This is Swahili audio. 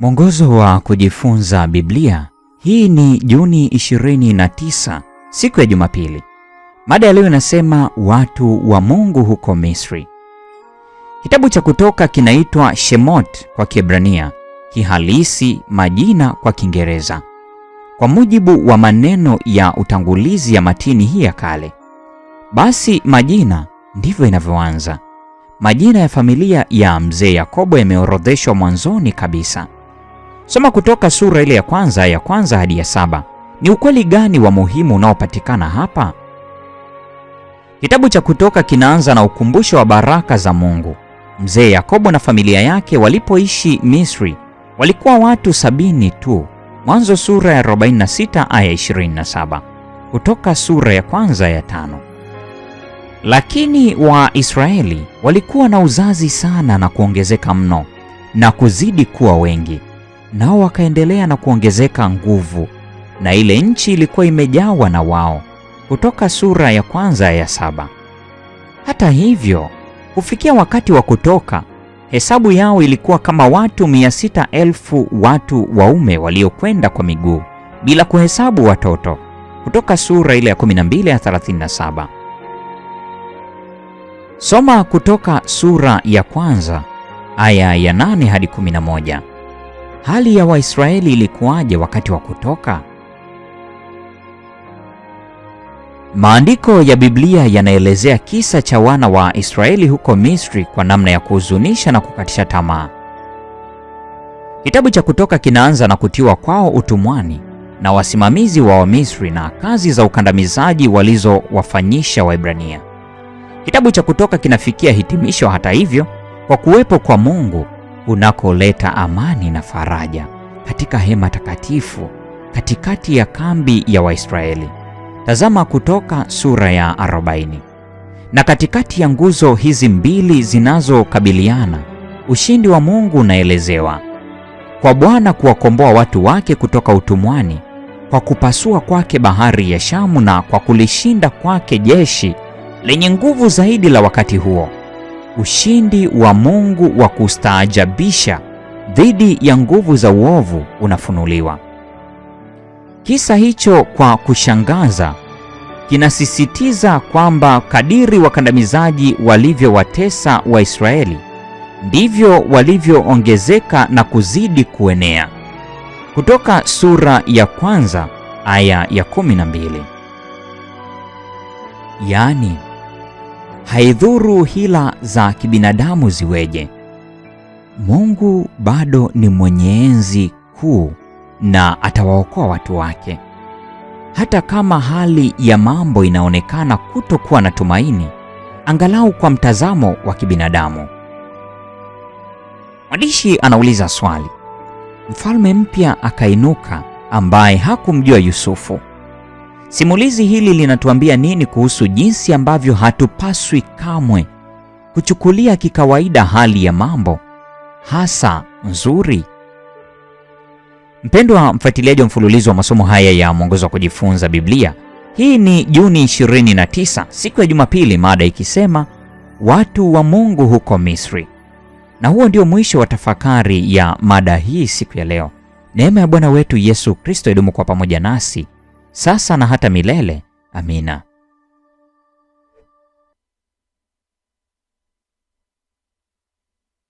Mwongozo wa kujifunza Biblia. Hii ni Juni 29, siku ya Jumapili. Mada ya leo inasema watu wa Mungu huko Misri. Kitabu cha Kutoka kinaitwa Shemot kwa Kiebrania, kihalisi majina kwa Kiingereza. Kwa mujibu wa maneno ya utangulizi ya matini hii ya kale, basi majina ndivyo inavyoanza. Majina ya familia ya mzee Yakobo yameorodheshwa mwanzoni kabisa. Soma Kutoka sura ile ya kwanza ya kwanza hadi ya saba. Ni ukweli gani wa muhimu unaopatikana hapa? Kitabu cha Kutoka kinaanza na ukumbusho wa baraka za Mungu. Mzee Yakobo na familia yake walipoishi Misri walikuwa watu sabini tu. Mwanzo sura ya 46 aya 27. Kutoka sura ya kwanza ya tano. Lakini Waisraeli walikuwa na uzazi sana na kuongezeka mno na kuzidi kuwa wengi nao wakaendelea na kuongezeka nguvu, na ile nchi ilikuwa imejawa na wao. Kutoka sura ya kwanza ya saba. Hata hivyo, kufikia wakati wa kutoka, hesabu yao ilikuwa kama watu mia sita elfu watu waume waliokwenda kwa miguu bila kuhesabu watoto. Kutoka sura ile ya 12 ya 37. Soma Kutoka sura ya kwanza aya ya 8 hadi 11. Hali ya Waisraeli ilikuwaje wakati wa kutoka? Maandiko ya Biblia yanaelezea kisa cha wana wa Israeli huko Misri kwa namna ya kuhuzunisha na kukatisha tamaa. Kitabu cha Kutoka kinaanza na kutiwa kwao utumwani na wasimamizi wa Wamisri na kazi za ukandamizaji walizowafanyisha Waebrania. Kitabu cha Kutoka kinafikia hitimisho, hata hivyo, kwa kuwepo kwa Mungu unakoleta amani na faraja katika hema takatifu katikati ya kambi ya Waisraeli. Tazama Kutoka sura ya 40. Na katikati ya nguzo hizi mbili zinazokabiliana, ushindi wa Mungu unaelezewa kwa Bwana kuwakomboa watu wake kutoka utumwani kwa kupasua kwake bahari ya Shamu na kwa kulishinda kwake jeshi lenye nguvu zaidi la wakati huo. Ushindi wa Mungu wa kustaajabisha dhidi ya nguvu za uovu unafunuliwa. Kisa hicho kwa kushangaza kinasisitiza kwamba kadiri wakandamizaji walivyowatesa Waisraeli ndivyo walivyoongezeka na kuzidi kuenea. Kutoka sura ya kwanza aya ya 12. Yaani haidhuru hila za kibinadamu ziweje, Mungu bado ni mwenye enzi kuu na atawaokoa watu wake. Hata kama hali ya mambo inaonekana kutokuwa na tumaini, angalau kwa mtazamo wa kibinadamu. Mwandishi anauliza swali, mfalme mpya akainuka ambaye hakumjua Yusufu. Simulizi hili linatuambia nini kuhusu jinsi ambavyo hatupaswi kamwe kuchukulia kikawaida hali ya mambo hasa nzuri. Mpendwa mfuatiliaji wa mfululizo wa masomo haya ya mwongozo wa kujifunza Biblia, hii ni Juni 29, siku ya Jumapili, mada ikisema watu wa Mungu huko Misri. Na huo ndio mwisho wa tafakari ya mada hii siku ya leo. Neema ya Bwana wetu Yesu Kristo idumu kwa pamoja nasi sasa na hata milele. Amina.